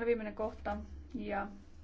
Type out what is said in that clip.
aina viimeinen kohta ja